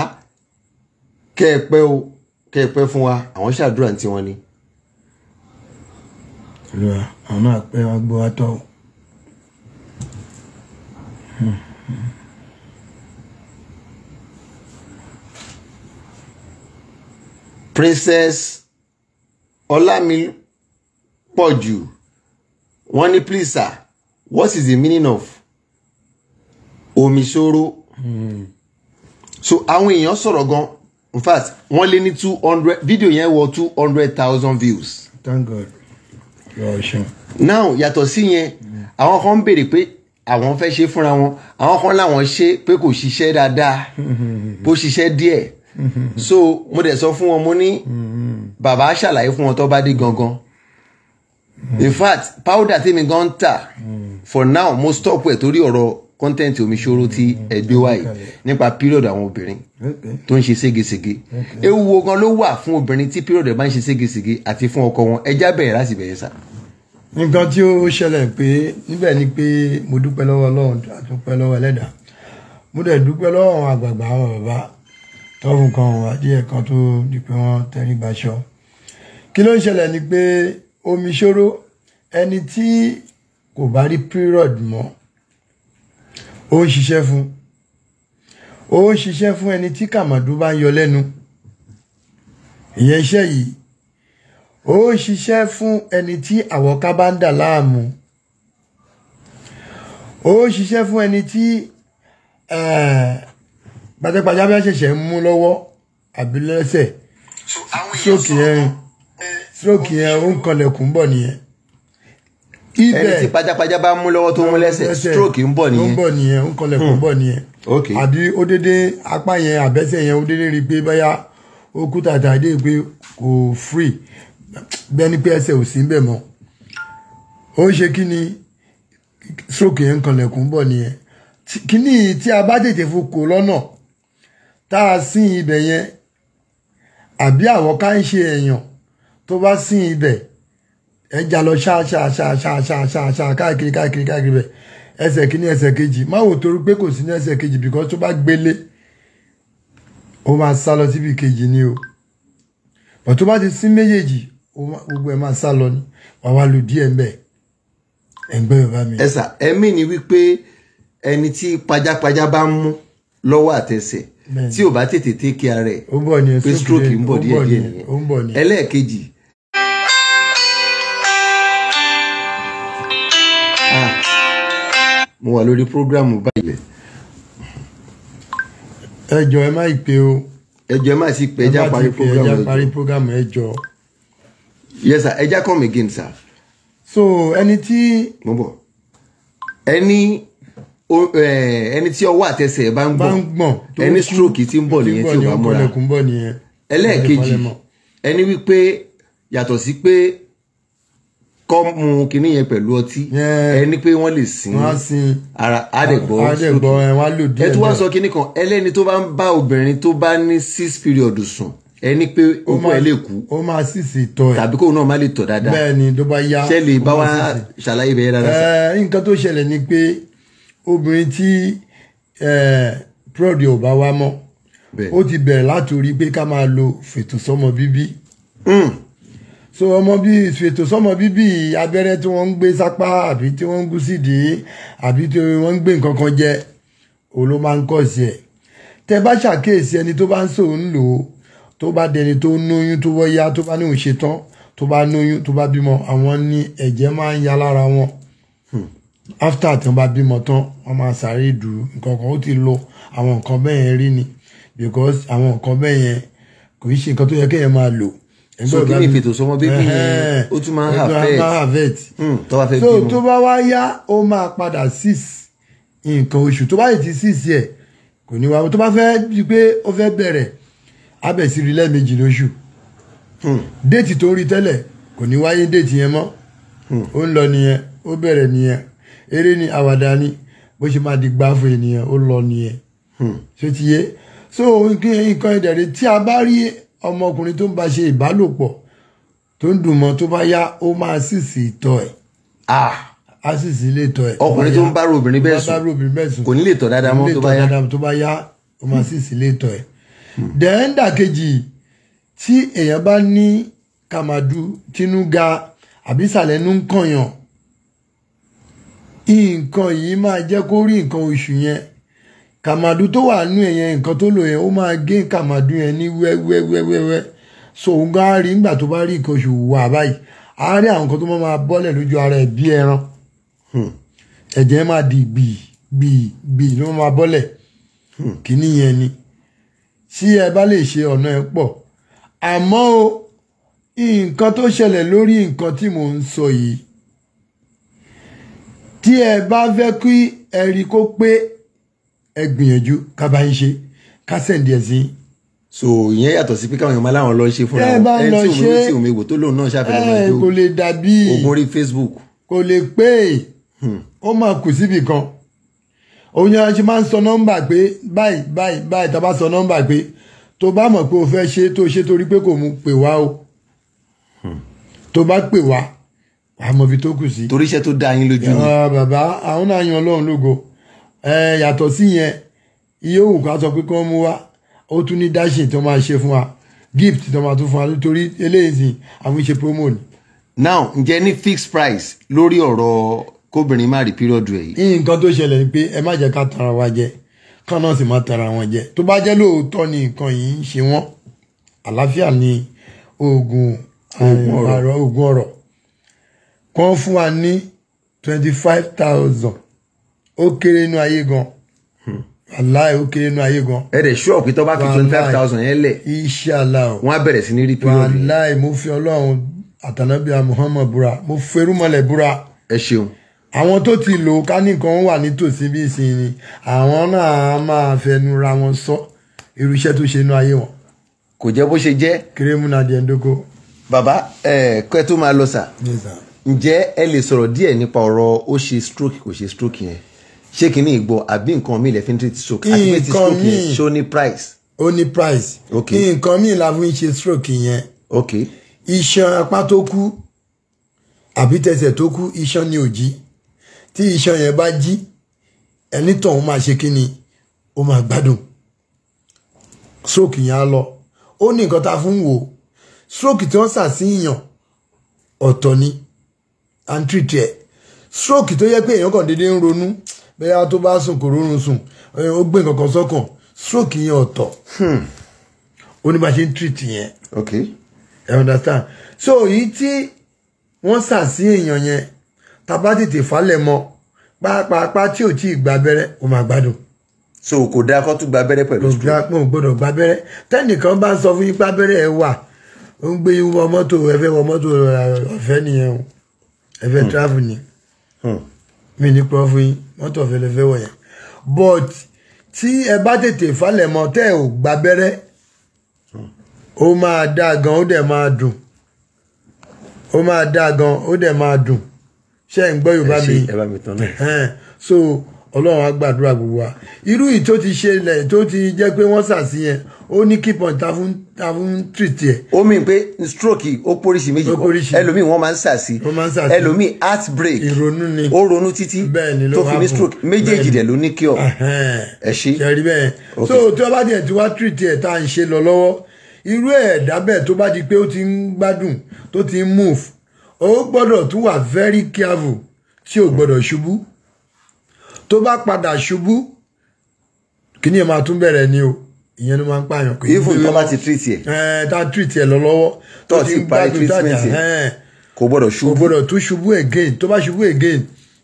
kẹ́ẹ̀pẹ́ o kẹ́ẹ̀pẹ́ fún wa àwọn ṣàdúrà tí wọ́n ní. àwọn náà pẹ́ wá gbọ́ wá o. Princess Ọlámipọ̀jù wọ́n ní please sir what is the meaning of omisoro so àwọn èèyàn sọ̀rọ̀ gan in fact wọ́n lé ní two hundred video yẹn wọ two hundred thousand views. thank god yóò ṣeun. now yàtọ̀ sí yẹn àwọn kan ń béèrè pé àwọn fẹ́ ṣe fúnra wọn àwọn kan láwọn ṣe pé kò ṣiṣẹ́ dáadáa bó ṣiṣẹ́ díẹ̀ so mo dẹ̀ sọ fún wọn mo ní bàbá ṣàlàyé fún wọn tó bá dé gangan in fact powder tèmi gan ń tà mm. for now mo stop ẹ̀ torí ọ̀rọ̀ kọ́ńtẹ́ǹtì omi ṣòro ti ẹ gbé wáyé nípa pírọ̀dù àwọn obìnrin tó ń ṣe ségesège ewu wo gan ló wà fún obìnrin tí pírọ̀dù ẹ̀ bá ń ṣe ségesège àti fún ọkọ wọn ẹ já bẹ̀rẹ̀ láti bẹ̀rẹ̀ sà. nǹkan tí ó ṣẹlẹ̀ pé níbẹ̀ ni pé mo dúpẹ́ lọ́wọ́ ọlọ́run àtúpẹ́ lọ́wọ́ ẹlẹ́dàá mo dẹ̀ dúpẹ́ lọ́wọ́ àwọn àgbààgbà àwọn bàbá tọ́fun kan àwọn adìyẹ kan tó di pé wọ́n tẹ́rí gbaṣọ kí ló ń ṣẹlẹ̀ ni pé omi ṣòro ẹni tí kò bá rí period mọ́ ó ń ṣiṣẹ́ fún ó ń ṣiṣẹ́ fún ẹni tí kàmàdù bá ń yọ lẹ́nu ìyẹn iṣẹ́ yìí ó ń ṣiṣẹ́ fún ẹni tí àwọ̀ká bá ń dà láàmú ó ń ṣiṣẹ́ fún ẹni tí eh, pàtẹ́pàtẹ́ bí ṣẹ̀ṣẹ̀ ń mú lọ́wọ́ àbí lẹ́sẹ̀ stroke ń kanlẹ̀kùn bọ̀ nìyẹn ibẹ̀ ẹni tí pajápajá bá mú lọ́wọ́ tó mú lẹ́sẹ̀ stroke ń bọ̀ nìyẹn ń bọ̀ nìyẹn ń kọlẹ̀ kó hmm. bọ̀ nìyẹn àbí ó dédé apá yẹn àbẹ́sẹ̀ yẹn ó dédé rí i pé báyà ó kú tàtà dé pé kò free bẹ́ẹ̀ ni pé ẹsẹ̀ ò sí ń bẹ̀ mọ́ ó ń ṣe kí ni stroke yẹn ń kọlẹ̀ kó bọ̀ nìyẹn kíní tí a bá tètè fún kò lọ́nà tá a sin ibẹ̀ yẹn àbí àwọn ká ń ṣe èèyàn tó bá sin ibẹ̀ ẹja lọ ṣáṣáṣáṣáṣáṣá káàkiri káàkiri káàkiri bẹ ẹsẹ̀ kìíní ẹsẹ̀ kejì má wò torí pé kò sí ní ẹsẹ̀ kejì bìkọ́ tó bá gbélé ó máa sá lọ síbi kejì ni o bọ̀ tó bá ti sí méjèèjì gbogbo ẹ̀ máa sá lọ ni wàá wá lu díẹ̀ ń bẹ̀ ẹ̀ ń gbẹ́ bàbá mi. ẹ̀sà ẹ̀mí ni wípé ẹni tí pajápajá bá ń mú lọ́wọ́ àtẹsẹ̀ tí ò bá tètè tẹ́ rẹ̀ pé stroke ń bọ̀ díẹ̀ díẹ̀ ẹlẹ́ẹ̀kejì mo wà lórí prógrámù báyìí ẹ jọ ẹ má ìpè o ẹ jọ ẹ má sì pé ẹ já parí prógrámù ẹ já parí prógrámù ẹ yes sir ẹ come again sir. so ẹni tí. mo bọ̀ ẹni ẹni tí ọwọ́ àtẹsẹ̀ bá ń gbọ̀n ẹni stroke ti ń bọ̀ nìyẹn tí ò bá múra ẹlẹ́ẹ̀kejì ẹni wípé yàtọ̀ sí pé kọ́ mu kinní yẹn pẹ̀lú ọtí ẹni pé wọ́n lè sin ara àdẹ̀gbọ́ àdẹ̀gbọ́ ẹ wá lò díẹ̀ ẹ tún wá sọ kinní kan ẹlẹ́ni tó bá ń bá obìnrin tó bá ní six period sùn ẹni pé okú ẹ lè kú ó máa sì sì tọ ẹ tàbí kóun náà má lè tọ dáadáa bẹ́ẹ̀ ni tó bá yá ṣe lè bá wa ṣàlàyé bẹ́ẹ̀ dáadáa sá. ẹ nǹkan tó ṣẹlẹ̀ ni pé obìnrin tí prod ò bá wa mọ́ ó ti bẹ̀rẹ̀ látòrí pé ká máa lo fètò bíbí. Hmm so ọmọ bí ìfètò sọmọ bíbí abẹ́rẹ́ tí wọ́n ń gbé sápá àbí tí wọ́n ń gún sídìí àbí tí wọ́n ń gbé nǹkan kan jẹ òun ló máa ń kọ̀ sí ẹ̀ tẹ bá ṣàkíyèsí ẹni tó bá ń sòun ń lò ó tó bá dẹni tó nóyún tó wọ́ yá tó bá ní òun ṣe tán tó bá nóyún tó bá bímọ àwọn ní ẹ̀jẹ̀ máa ń ya lára wọn hmm. after tí wọ́n bá bímọ tán wọ́n máa sáré dù nǹkan kan ó ti lo àwọn nǹkan bẹ́ẹ̀ rí ni because àwọn nǹkan bẹ́ẹ̀ yẹn kò í ṣe nǹkan tó yẹ kéèyàn máa lò so kí ni ìfètòsọmọ bébí yẹn ó tún máa ń harvest hmm, tó bá fẹ́ bímọ. tó bá wá yá ó máa padà six nǹkan oṣù tó bá yìí ti six yẹ kò ní wá tó bá fẹ́ di pé ó fẹ́ bẹ̀rẹ̀ abẹ̀sírí lẹ́ẹ̀mejì lóṣù hmm. déètì tó rí tẹ́lẹ̀ kò ní wáyé déètì yẹn mọ́ hmm. ó ń lọ nìyẹn ó bẹ̀rẹ̀ nìyẹn eré ni àwàdà ni bó ṣe máa di gbá fún ènìyàn ó lọ nìyẹn ṣé ti yé so nǹkan ìdẹ̀rẹ̀ tí a bá rí ọmọkùnrin tó ń bá ṣe ìbálòpọ̀ tó ń dùn mọ́ tó bá yá ó máa sísì ìtọ̀ ẹ̀ á sísì ilé ìtọ̀ ẹ̀. ọkùnrin tó ń bá obìnrin bẹ́ẹ̀ sùn kò ní lè tọ̀ dáadáa mọ́ tó bá yá ó máa sísì hmm. ilé ìtọ̀ ẹ̀. dẹ́ẹ́ndà hmm. kejì tí èèyàn bá ní kàmàdù tínúga àbí ìsàlẹ̀nu ń kànyàn nǹkan yìí máa jẹ́ kó rí nǹkan oṣù yẹn kàmàdù tó wà nú ẹ̀yẹn nǹkan tó lò yẹn ó máa gé kàmàdù yẹn ní wẹ́wẹ́wẹ́wẹ́ so òun gan á rí nígbà tó bá rí nǹkan oṣù wà báyìí á rí àwọn nǹkan tó máa máa bọ́lẹ̀ lójú ara ẹ̀ bí ẹran hmm. ẹ̀jẹ̀ máa di gbìí gbìí gbìí ló máa bọ́lẹ̀ hmm. kìíní yẹn ni tí ẹ bá lè ṣe ọ̀nà ẹ̀ pọ̀ àmọ́ o nǹkan tó ṣẹlẹ̀ lórí nǹkan tí mò ń sọ yìí tí ẹ bá fẹ́ kí ẹ̀rí kó pé ẹ gbìyànjú ká bá yín ṣe ká sẹ̀ǹdì ẹ̀ sí. so ìyẹn yàtọ̀ sí pé káwọn èèyàn máa láwọn lọ ṣe fúnra wọn ẹ tí òun tí òun èwò tó lóun náà ṣàfihàn máa ogun orí Facebook. kò lè pé hmm. ó máa kù síbì kan òun yẹn ṣe máa ń sọ nọ́mbà pé báyìí báyìí báyìí tá a bá sọ nọ́mbà pé tó bá mọ̀ pé o fẹ́ ṣe tó ṣe torí pé kò mú pè wá o hmm. tó bá pè wá àmọ́ ibi tó kù sí. torí iṣẹ́ tó dá yín lójú. Ah, bàbá àwọn náà yan Ọlọ́run lógo yàtọ̀ sí yẹn iye òun ká sọ pé kí wọ́n mú wá ó tún ní dashing tó máa ṣe fún wa gift tó máa tún fún wa nítorí eléyìí àwọn ìṣe promo ni. now ǹjẹ́ ní fixed price lórí ọ̀rọ̀ kóbìnrin má rí pírọ̀dù ẹ̀ yìí. nǹkan tó ṣẹlẹ̀ ni pé ẹ má jẹ́ ká tara wa jẹ kán náà sì má tara wọn jẹ tó bá jẹ́ lóòótọ́ ni nǹkan yìí ń ṣe wọ́n àlàáfíà ni oògùn ọ̀rọ̀ kan fún wa ní twenty five thousand ó kéré inú ayé gan hmm. aláì ó kéré inú ayé gan. ẹ dẹ̀ ṣúọ̀ pé tó bá fi twenty five thousand yẹn lẹ̀. iṣẹ́ àlá o. wọ́n á bẹ̀rẹ̀ sí ní rí pílọ̀ aláì mo fi ọlọ́run àtànábíà muhammad bura. mo ferúmọlẹ̀ bura. ẹ ṣeun. àwọn tó ti lò ká nìkan wà nítòsí bí ìsìn ni àwọn náà máa fẹnura wọn sọ irú iṣẹ́ tó ṣe inú ayé wọn. kò jẹ́ bó ṣe jẹ́. kéremù náà di ẹ̀ńdókò. bàbá ẹ kẹ́ tó máa lọ sà. ǹjẹ́ ẹ lè sọ̀rọ̀ díẹ̀ nípa ọ̀rọ̀ ó ṣe stroke kò ṣe stroke yẹn ṣé kìíní ìgbọ́ àbí nǹkan míì lè fi ń treat stroke àti pé ti stroke yẹn ṣó ní price. ó ní price nǹkan míì la fi ṣe stroke yẹn iṣan apá tó kú àbí tẹsẹ̀ tó kú iṣan ni ò jí tí iṣan yẹn bá jí ẹni tàn ó máa ṣe kí ni ó máa gbádùn stroke yẹn á lọ ó ní nǹkan tá fún wò stroke tí wọ́n sà sí yàn ọ̀tọ̀ ni à treat ẹ̀ stroke tó yẹ pé èèyàn kàn déédéé ń ronú bẹ́ẹ̀ tó bá sùn kò rórun sùn ó gbé nǹkan kan sọ́kàn stroke yẹn ọ̀tọ̀ hmm. ó ní bá ṣe ń treat yẹn okay I understand so èyí tí wọ́n sà èèyàn yẹn tàbá tètè falẹ̀ mọ́ pàápàá tí ò tí ì gba abẹ́rẹ́ ó máa gbádùn. so kò dáa kó tún gba abẹ́rẹ́ pẹ̀lú stroke. mo gbọ́dọ̀ gba abẹ́rẹ́ tẹ́nìkan bá ń sọ fún yín pé abẹ́rẹ́ ẹ wà ó ń gbé wọ mọ́tò ẹ̀fẹ́ wọ mọ́tò ọ̀fẹ́ nìyẹn o ẹ̀fẹ́ hmm. travel ni. Hmm mi ní pọ́ fún yín mọ́tò fẹlẹ́fẹ́ wọ̀nyẹn but tí ẹ bá tètè falẹ̀mọ́ tẹ́ ò gbàbẹ́rẹ́ ó máa dáa gan ó dẹ̀ máa dùn ó máa dáa gan ó dẹ̀ máa dùn ṣé ń gbọ́ yorùbá mi so ọlọ́run á gbàdúrà gbogbo wa irú yìí tó ti ṣẹlẹ̀ tó ti jẹ́ pé wọ́n sàsí yẹn ó ní key point ta fún ta fún treat yẹ. ó mì pé stroke ó póríṣi méjì kọ ẹlòmíì wọ́n máa ń sàsí ẹlòmíì heart break ìrònú ni ó ronú títí tó fi ní stroke méjèèjì dẹ̀ ló ní cure ẹ ṣí. ṣẹ̀rí bẹ́ẹ̀ so tí wọ́n bá tiẹ̀ ti wá treat yẹ tá à ń ṣe lọ lọ́wọ́ irú ẹ̀dá bẹ́ẹ̀ tó bá di pé ó ti ń gbádùn tó ti ń move ó gbọ́dọ̀ tún wà very careful tí ò gbọ́dọ̀ ṣubú. Mm -hmm tó bá padà ṣubú kí ni ẹ máa tún bẹ̀rẹ̀ ni o ìyẹn ló máa ń pààyàn pé. even tó bá ti treat yẹ. ẹ tá treat yẹ lọ lọ́wọ́. tó ti parí treatment yẹ kò gbọ́dọ̀ ṣubú. kò gbọ́dọ̀ tún ṣubú again tó bá ṣubú again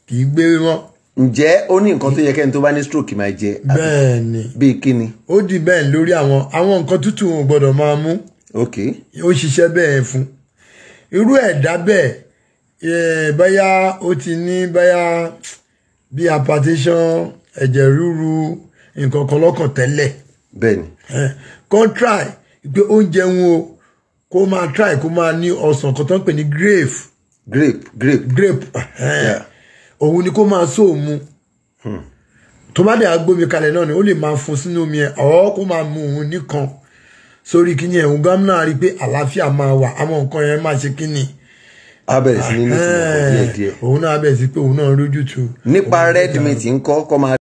kì í gbé mọ́. ǹjẹ́ ó ní nǹkan tó yẹ kẹ́ni tó bá ní stroke máa jẹ. bẹ́ẹ̀ni bíi kíni. ó di bẹ́ẹ̀ lórí àwọn àwọn nǹkan tútù wọn gbọ́dọ̀ máa mú. ok. ó ṣiṣẹ́ bẹ́ẹ̀ fún. irú ẹ̀dá bẹ́ẹ̀ báyà ó ti ní báyà. Baya bí apatition ẹ̀jẹ̀ ríru nǹkan kan lọ́kàn tẹ́lẹ̀. bẹ́ẹ̀ni. kan try pé oúnjẹ o kó máa try kó máa ní ọsàn kan pè ní grape. grape grape. òun ni kó máa sóòmu hmm. tó bá dẹ̀ mi kalẹ̀ náà ni ó lè máa fún sínú omi kó máa mu òun nìkan rí pé àlàáfíà wà àwọn yẹn a bẹ̀rẹ̀ sí ní ní ìtumọ̀ díẹ̀ eh, díẹ̀. òun náà a bẹ̀rẹ̀ sí pé òun náà rójú tu. nípa redmi tí ń kọ́ máa.